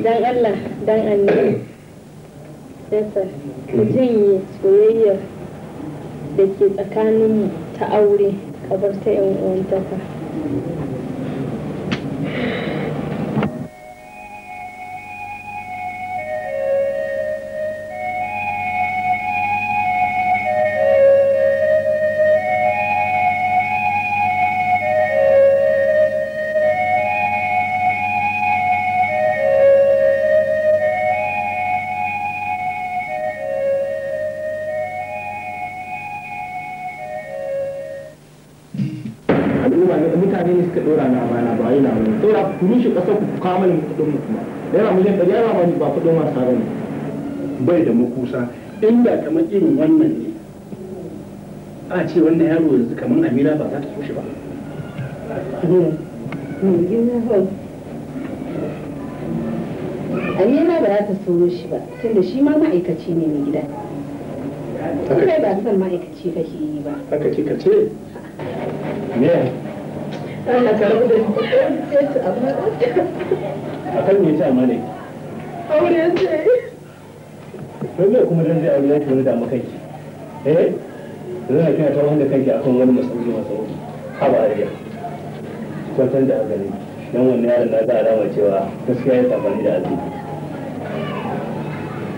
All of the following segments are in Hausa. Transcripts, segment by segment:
dan Allah dan annabi yasa ku janye soyayyar da ke tsakaninmu ta aure kabar ta 'yan uwantaka al'umma ne mutane ne suka dora na amana ba yana wani dora ku rushe kasar ku kawo mana kudin mu kuma yana miliyan ɗari yana wani ba kudin mu sa ne bai da makusa inda kamar irin wannan ne a ce wannan yaro yanzu kamar amina ba za ta so shi ba amina ba za ta soro shi ba tunda shi ma ma'aikaci ne mai gida kai ba son ma'aikaci kake yi ba haka kika ce me Allah ka rabu da ce amana akan ce aure ce kuma dan zai aure ya tare da makanki eh zan kina ta wanda kanki akan wani masauki masauri ha ba ariya kwantar da gani dan wani yaron na ga alama cewa gaskiya ya tafani da azumi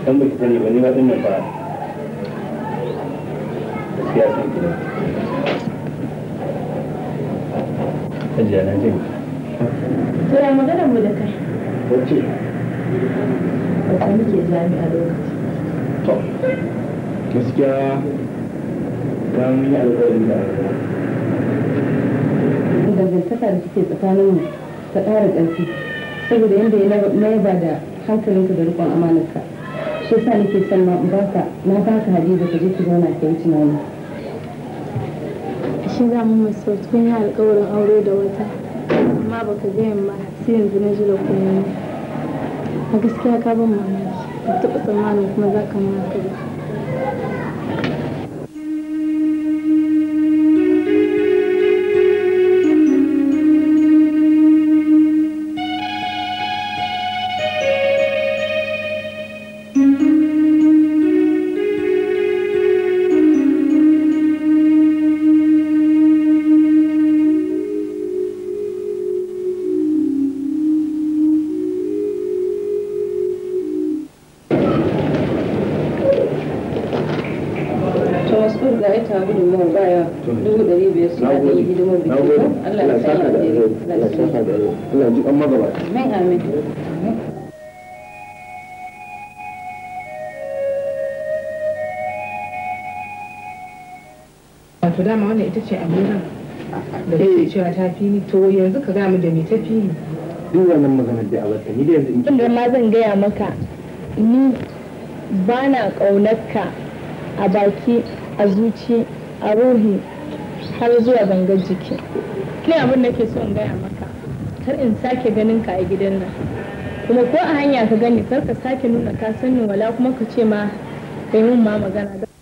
dan ba ki sani ba ni ba nan ba. gaskiya sai ki hajiya na jin to ya magana mu da kai wacce wata muke jami'a lokaci to gaskiya ta mun yi da dangantaka da suke tsakanin ta ƙara ƙarfi saboda yadda ya mayaba da hankalinka da riƙon amanarka shi sa nake son ma baka na baka da ka je ki zauna ka yi tunani shi za mu masu cikin yi alkawarin aure da wata amma baka gayan ba sai yanzu na ji da kuma a gaskiya ka ban mamaki ba taɓa tsammanin kuma za ka mara ba za a yi ta baya dubu dari biyar su da ɗari hidimar biki Allah ya Allah ya da Allah ji an magaba amin amin wato dama wannan ita ce amira da ke eh. cewa ta to yanzu ka gaya da me ta duk wannan maganar da ni da yanzu in ma zan gaya maka ni ba na ƙaunarka a baki a zuci a ruhi har zuwa gangar jiki kai abin da ke so gaya maka kar in sake ganin ka a gidan nan kuma ko a hanya ka gani kar ka sake nuna ka sanin wala kuma ka ce ma kai mun ma magana